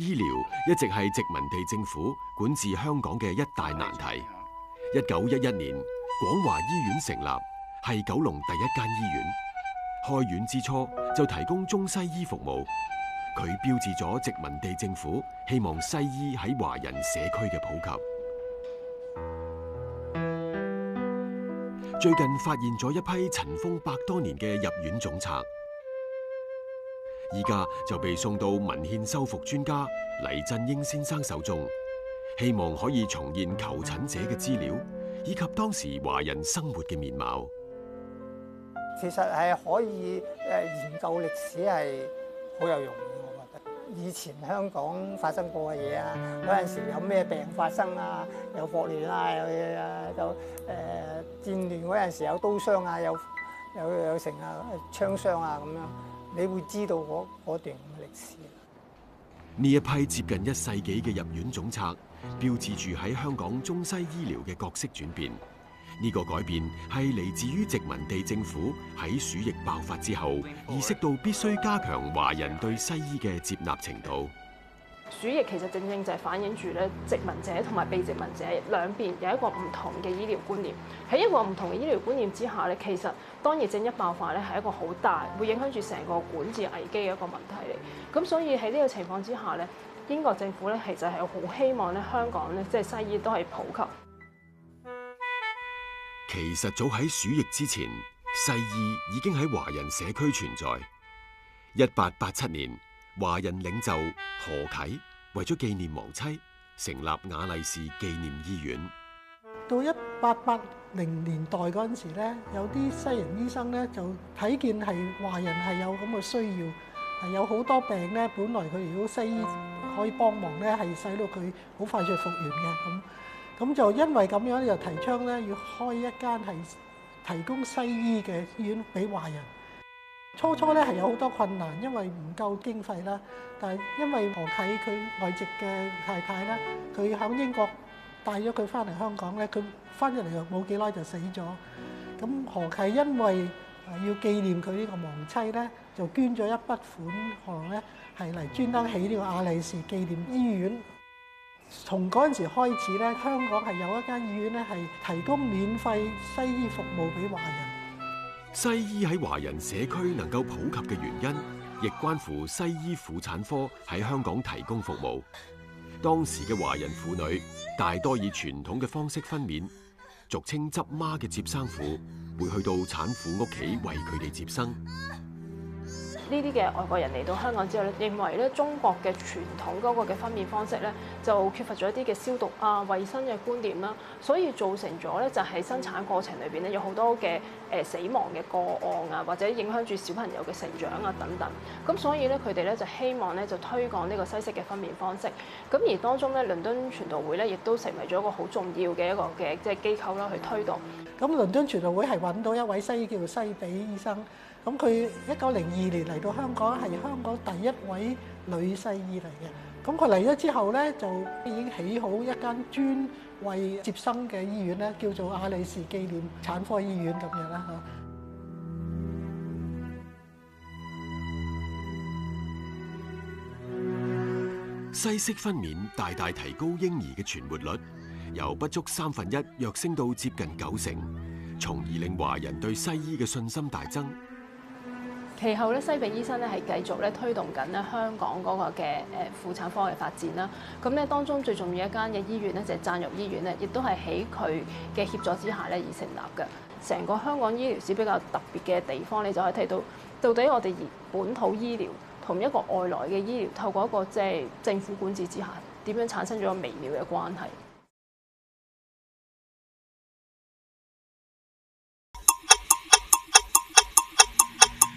醫療一直係殖民地政府管治香港嘅一大難題。一九一一年，廣華醫院成立，係九龍第一間醫院。開院之初就提供中西醫服務，佢標誌咗殖民地政府希望西醫喺華人社區嘅普及。最近發現咗一批塵封百多年嘅入院總冊，依家就被送到文獻修復專家黎振英先生手中。希望可以重現求診者嘅資料，以及當時華人生活嘅面貌。其實係可以誒研究歷史係好有用嘅，我覺得。以前香港發生過嘅嘢啊，嗰陣時有咩病發生啊，有霍亂啊，有嘢啊，就誒、呃、戰亂嗰陣時有刀傷啊，有有有，有成啊槍傷啊咁樣，你會知道嗰段歷史。呢一批接近一世紀嘅入院總策，標誌住喺香港中西醫療嘅角色轉變。呢、呢個改變係嚟自於殖民地政府喺鼠疫爆發之後，意識到必須加強華人對西醫嘅接納程度。鼠疫其實正正就係反映住咧殖民者同埋被殖民者兩邊有一個唔同嘅醫療觀念。喺一個唔同嘅醫療觀念之下咧，其實當疫症一爆發咧，係一個好大會影響住成個管治危機嘅一個問題嚟。咁所以喺呢個情況之下咧，英國政府咧其實係好希望咧香港咧即係西醫都係普及。其實早喺鼠疫之前，西醫已經喺華人社區存在。一八八七年。華人領袖何啟為咗紀念亡妻，成立雅麗氏紀念醫院。到一八八零年代嗰陣時咧，有啲西人醫生咧就睇見係華人係有咁嘅需要，係有好多病咧，本來佢如果西醫可以幫忙咧，係使到佢好快脆復原嘅。咁咁就因為咁樣就提倡咧，要開一間係提供西醫嘅醫院俾華人。初初咧係有好多困難，因為唔夠經費啦。但係因為何啟佢外籍嘅太太啦，佢喺英國帶咗佢翻嚟香港咧，佢翻出嚟又冇幾耐就死咗。咁何啟因為要紀念佢呢個亡妻咧，就捐咗一筆款項咧，係嚟專登起呢個雅麗氏紀念醫院。從嗰陣時開始咧，香港係有一間醫院咧係提供免費西醫服務俾華人。西醫喺華人社區能夠普及嘅原因，亦關乎西醫婦產科喺香港提供服務。當時嘅華人婦女大多以傳統嘅方式分娩，俗稱執媽嘅接生婦，會去到產婦屋企為佢哋接生。呢啲嘅外國人嚟到香港之後咧，認為咧中國嘅傳統嗰個嘅分娩方式咧，就缺乏咗一啲嘅消毒啊、衞生嘅觀點啦、啊，所以造成咗咧就係、是、生產過程裏邊咧有好多嘅誒死亡嘅個案啊，或者影響住小朋友嘅成長啊等等。咁所以咧佢哋咧就希望咧就推廣呢個西式嘅分娩方式。咁而當中咧倫敦傳道會咧亦都成為咗一個好重要嘅一個嘅即係機構啦，去推動。咁倫敦傳道會係揾到一位西醫叫西比醫生。咁佢一九零二年嚟到香港係香港第一位女西醫嚟嘅。咁佢嚟咗之後咧，就已經起好一間專為接生嘅醫院咧，叫做雅麗氏紀念產科醫院咁樣啦嚇。西式分娩大大提高嬰兒嘅存活率，由不足三分一躍升到接近九成，從而令華人對西醫嘅信心大增。其後咧，西鼻醫生咧係繼續咧推動緊咧香港嗰個嘅誒婦產科嘅發展啦。咁咧當中最重要一間嘅醫院咧就係、是、贊育醫院咧，亦都係喺佢嘅協助之下咧而成立嘅。成個香港醫療史比較特別嘅地方，你就可以睇到到底我哋本土醫療同一個外來嘅醫療透過一個即係政府管治之下，點樣產生咗微妙嘅關係。